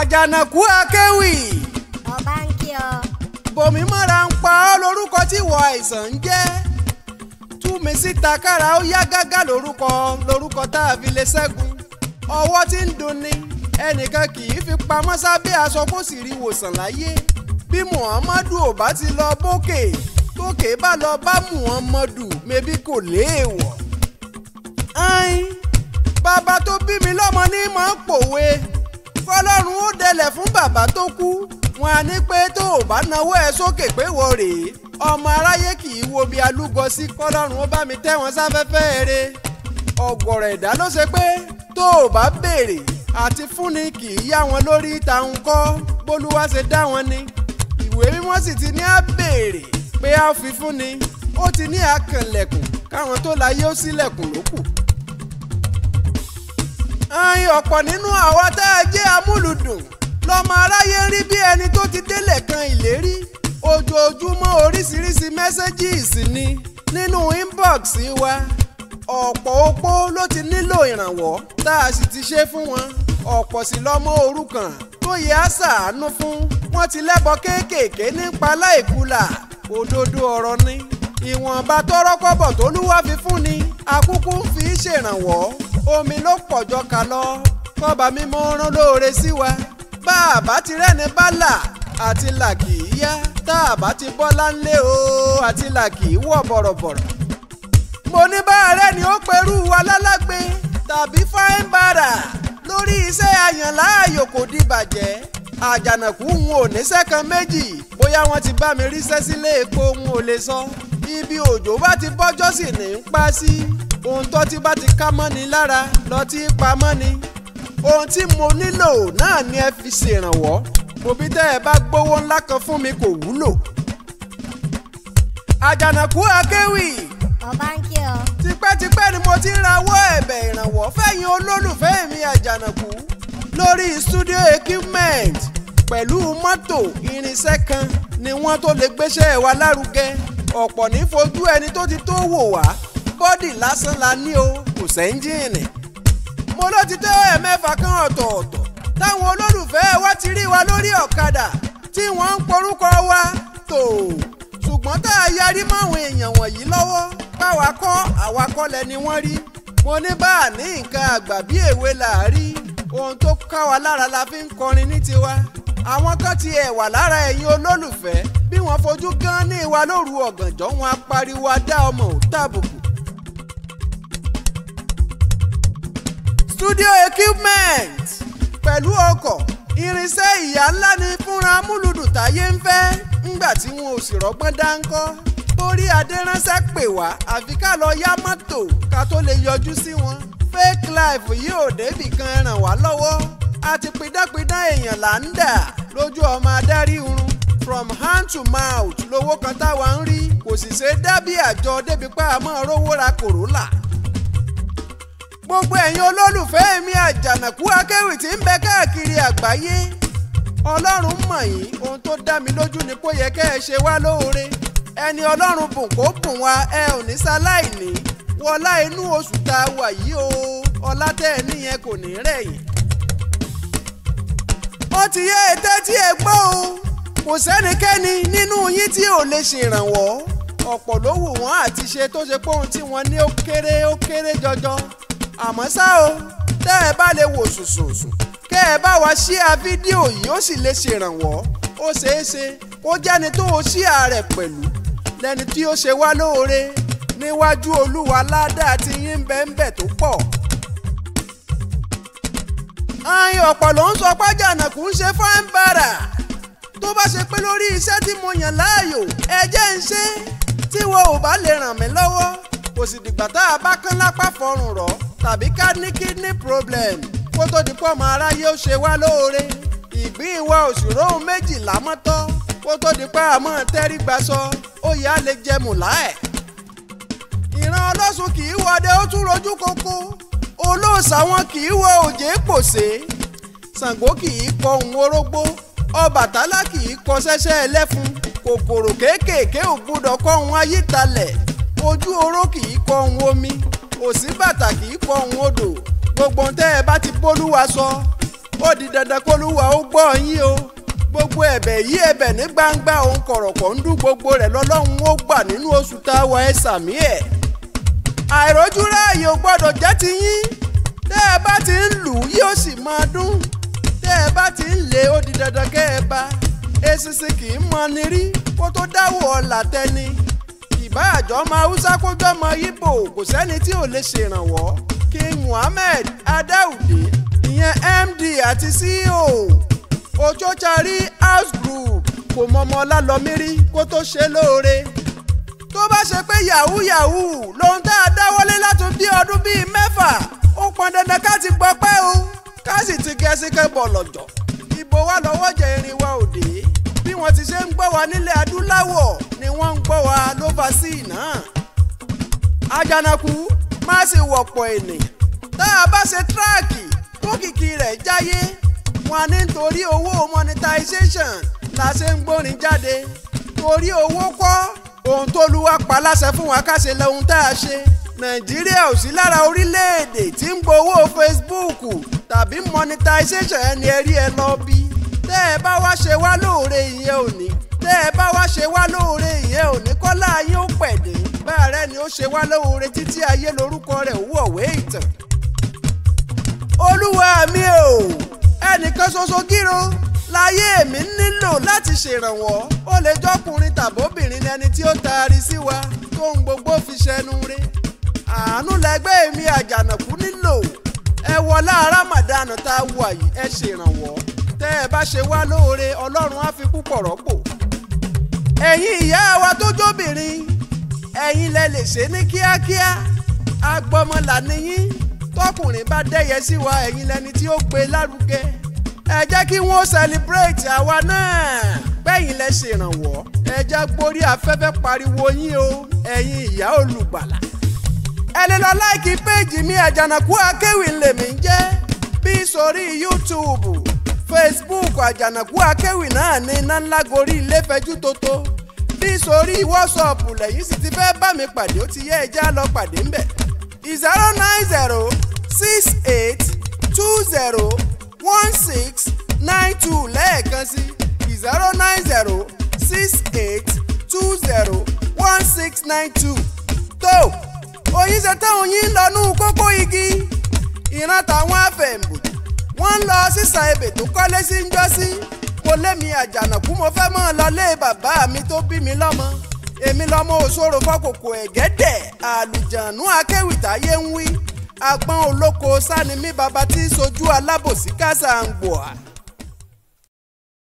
àjànàkú akéwì. ọba ń kí ọ. bòmí mọ́ra ń pa ọ́ lórúkọ tí ìwọ àìsàn ń jẹ́ tú mi síta kára ó yá gágá lórúkọ lórúkọ tá a fi lè ṣẹ́gun ọwọ́ tí ń dunni ẹnìkan kì í fi pamọ́ sábẹ́ aṣọ kó sì rí wòsàn láyé bí muhammadu ò bá ti lọ bókè tókè bá lọ bá muhammadu mebí kò léèwọ̀. ayin bàbá tó bí mi lọ́mọ ní mọ̀ ń pòwe ọlọ́run ó dẹlẹ̀ fún bàbá tó kú wọn á ní pé tó o bá nawó ẹ sókè pé wọ rèé ọmọ aráyé kì í wo bí alúgọ sí kọlọ́run ó bá mi tẹ́ wọn sáfẹ́fẹ́ eré ọ̀gọ̀rọ̀ ẹ̀dá ló ṣe pé tó o bá béèrè àti fúnni kì í yá wọn lórí ìta ń kọ́ bólúwa ṣe dá wọn ni ìwé mímọ́ sì ti ní á béèrè pé á fi fúnni ó ti ní àkànlẹ̀kùn káwọn tó la yóò sílẹ̀kùn lókù ayin ọ̀pọ̀ nínú àwa tá a jẹ́ amúlùdùn lọ́mọ aráyé ń rí bí ẹni tó ti délẹ̀ kan ìlérí ojoojúmọ́ oríṣiríṣi mẹ́sẹ́gìsì ni nínú inbox wa ọ̀pọ̀ opó ló ti nílò ìrànwọ́ tá a sì ti ṣe fún wọn ọ̀pọ̀ sì lọ́mọ òrukàn tó yẹ á ṣàánú fún wọn ti lẹ́bọ kéékèèké nípa láìkúlà òdodo ọ̀rọ̀ ni ìwọ̀nba tọ́rọ́kọ́bọ̀ tó lúwa fi fún ni akúkú fi ṣèrànwọ́ omi ló pọ̀jọ kà lọ kọ́ba mímọ́ rán lóore sí wa bá a bá ti rẹ́ni bá là àti là kì í yá tá a bá ti bọ́ láńlé o àti là kì í wọ̀ bọ̀rọ̀bọ̀rọ̀. mo ní bá ni ó perú wa tàbí fine bara lórí iṣẹ́ àyànláàyò kò di bàjẹ́ àjànàkú ń wò níṣẹ́ kan méjì bóyá wọ́n ti bá mi ríṣẹ́ sílé epo ń ò sọ ibi òjò bá ti bọ́jọ́ sì ní í pa sí. Si ohun tó ti bá ti ká mọ́ni lára lọ tí ń pa mọ́ni ohun tí mo nílò náà ni ẹ fi ṣèrànwọ́ mo bí tẹ́ ẹ bá gbówó ńlá kan fún mi kò wúlò. àjànàkú akéwì. ọba ń kí ọ. tipẹ́tipẹ́ ni mo ti ń rawọ́ ẹ̀bẹ̀ ìrànwọ́ fẹ̀yìn olólùfẹ́ mi àjànàkú lórí studio equipment pẹ̀lú mọ́tò irinṣẹ́ kan ni wọ́n tó lè gbéṣẹ́ wa lárugẹ ọ̀pọ̀ ní fojú ẹni tó ti tó wò wá bọ́dì lásán la ní o kò sẹ́ńjìnì mo ló ti tó ẹ̀mẹ́fà kan ọ̀tọ̀ọ̀tọ̀ táwọn olólùfẹ́ wa ti rí wa lórí ọ̀kadà tí wọ́n ń porúkọ wa tó ṣùgbọ́n tá a yarí máwọn èèyàn wọ̀nyí lọ́wọ́ báwa kọ́ àwa kọ́ lẹni wọ́n rí mo ní bá a ní nǹkan àgbà bí èwe là á rí ohun tó ká wa lára la fi ń kọrin ní tiwa àwọn kan ti ẹ̀wà lára ẹ̀yin olólùfẹ́ bí wọ́n fojú gan ní wa lóru ọ̀gànjọ́ wọn apariwo adá ọmọ ò studio equipment pẹ̀lú ọkọ̀ irinṣẹ́ ìyá ńlá ni fúnra múlùdùn nfe ń fẹ́ ńgbà tí wọn ò sì rọ́gbọ́n dáńkọ́ borí adéránṣẹ́ pè wá àfi ká lọ yá mọ́tò ká tó lè yọjú sí wọn fake life yìí ò débì kan ràn wá lọ́wọ́ ti pidánpidán èèyàn là ń dà lójú ọmọ adarí irun from hand to mouth lowo kan táwa ń rí kò sì ṣe é àjọ débi pé a máa rówó ra Corolla gbogbo ẹ̀yin olólùfẹ́ mi àjànàkú akéwì tí ń bẹ káàkiri àgbáyé ọlọ́run mọ̀ yín ohun tó dá mi lójú ni kó yẹ kẹ́ ẹ ṣe wá lóore ẹni ọlọ́run bùn kó bùn wá ẹ ò ní ṣaláìní wọlá inú oṣù tá a wà yìí o ọlá tẹ́ ẹ níyẹn kò ní rẹ̀ yìí. ti yé ètè tí ẹ gbọ́ o kò sẹ́nikẹ́ni nínú yín tí ò lè ṣèrànwọ́ ọ̀pọ̀ ló wù wọ́n àti ṣe tó ṣe pé ohun tí wọ́n ní ó kéré ó kéré jọjọ àmọ́ ṣá o tẹ́ ẹ bá lè wò sùsùsù kẹ́ ẹ bá wa ṣíà fídíò yìí ó sì lè ṣèrànwọ́ ó ṣeé ṣe kó jẹ́ni tó o ṣíà rẹ̀ pẹ̀lú lẹ́ni tí ó ṣe wá lóore níwájú olúwa ládàá tí yín bẹ́ẹ̀ tó pọ̀. àyìn ọ̀pọ̀ ló ń sọ pé jàǹdàkú ń ṣe fáin bàrà tó bá ṣe pé lórí iṣẹ́ tí mo yàn láàyò ẹ ń ṣe tí wọn ò bá lè ràn mí lọ́wọ́ kò sì dìgbà tá a bá kán lápá fọrùn rọ̀ tàbí ká ní kidney problem kó tó di pọ́ ọmọ aráyé ó ṣe wá lóore ìgbín ìwà òṣùrò ohun méjìlá mọ́tọ́ kó tó di pé àmọ́ tẹ́rí gba sọ ó yà á lè jẹmù láẹ̀. ìran ọlọ́sùn kì í wọdẹ ó tún rojú kókó olóòṣà wọn kì í wọ òjé pòṣé Ṣàngó kì í kọ òun orógbó Ọbàtálá kì í kọ ṣẹ́ṣẹ́ ẹlẹ́fun kòkòrò kéékèèké ò gbúdọ̀ kọ òun ayítalẹ̀ ojú oró kì í kọ òun omi kò sí bàtà kì pọ̀ òun odò gbogbo tẹ́ ti bólúwa sọ ó di dandan kólúwa ó gbọ́ o gbogbo ẹ̀bẹ̀ yí ẹ̀bẹ̀ ní gbangba òun kọ̀rọ̀kọ̀ ń gbogbo rẹ̀ lọ́lọ́run ó gbà nínú oṣù tá a ẹ sàmí ẹ̀ àìrójú ráàyè ò gbọ́dọ̀ jẹ́ ti yín tẹ́ ẹ bá ti ń lù ú yóò sì máa dún tẹ́ ẹ bá ti ń lé ó di dandan báàjọ́ ọmọ haúsá kójọ́ ọmọ ibo kò sẹ́ni tí ò lè ṣèrànwọ́ king muhammed adáùdé ìyẹn md àti ceo Ochochari house group kò mọmọ lálọ́mí rí kó tó ṣe lóore tó bá ṣe pé yahoo yahoo lòun tá a dáwọ́lé látún bí ọdún bíi mẹ́fà ó pọn dandan ká ti gbọ́ pẹ́ o ká sì ti kẹ́síkẹ́ bọ̀ lọ́jọ́ ìbò wa lọ́wọ́ jẹ́ irin wa òde wọ́n ti ṣe ń gbọ́ wa nílẹ̀ adúláwọ̀ ni wọ́n ń gbọ́ wa lófàsíì náà. àjànàkú má ṣe wọ̀pọ̀ ènìyàn tá a bá ṣe tíráàkì kókìkì rẹ̀ jáyé wọn ní torí owó monetization la ṣe ń gbórin jáde torí owó kọ́ ohun tó lu wa pa láṣẹ fún wa ká ṣe lóhun tá a ṣe nàìjíríà ò sí lára orílẹ̀-èdè tí ń gbowó Facebook tàbí monetization ẹni ẹrí ẹ lọ bí tẹ́ ẹ bá wá ṣe wá lóore ìyẹn òní tẹ́ ẹ bá wá ṣe wá lóore ìyẹn òní kọ́lá ayé ó pẹ̀dé báàrẹ́ ni ó ṣe wá lóore títí ayé lórúkọ rẹ̀ òwú ọ̀wé ìtàn. olúwa mi o ẹnìkan ṣoṣo gírò láyé mi nílò láti ṣèrànwọ́ ó lè jọkùnrin tàbóbìnrin ni ẹni tí ó taari sí wa tó ń gbogbo fi ṣẹnu rí àánú lẹgbẹ́ mi àjànàkú nílò ẹ wọlá ramadan tá a wà yìí ẹ ṣèrànwọ́. tẹ́ ẹ bá ṣe wá lóore ọlọ́run á fi púpọ̀ rọ́pò ẹ̀yin ìyá wa tó jóbìnrin ẹ̀yin lẹ lè ṣe ní kíákíá agbọmọlà nìyín tọkùnrin bá dẹ́yẹ sí wa ẹ̀yin lẹni tí ó gbé lárugẹ ẹ jẹ́ kí wọ́n sẹlibrétì àwa náà pẹ́yìn lẹ ṣèrànwọ́ ẹ já gbórí afẹ́fẹ́ pariwo yín o ẹ̀yin ìyá olùgbàlà ẹ lè lọ láìkí péjì mi Àjànàkú Akéwì lèmi ń jẹ́ bí sórí YouTube Facebook àjànàkú akéwì náà ní nánlágorí ilé fẹjú tótó bí sórí WhatsApp lẹ́yìn sì ti fẹ́ bá mi pàdé ó ti yẹ ẹja lọ pàdé ńbẹ̀ zero nine zero six eight two zero one six nine two lẹ́ẹ̀kan sí zero nine zero six eight two zero one six nine two tó oyin ṣe táwọn yín lọ kókó igi ìran tàwọn afẹ́ǹbòjì. wọ́n ń lọ sísà ebè tó kọ́lé sí ń jọ́sí mo lémi àjànàkú mo fẹ́ mọ́ lọ lé bàbá mi tó bí mi lọ́mọ èmi lọ́mọ òṣòro fọ́kòkò ẹ̀gẹ́dẹ̀ àlùjànú akéwìtá yé ń wí agbọ́n olóko sani mi baba tí sojú alábòsí kásá ń gbòà.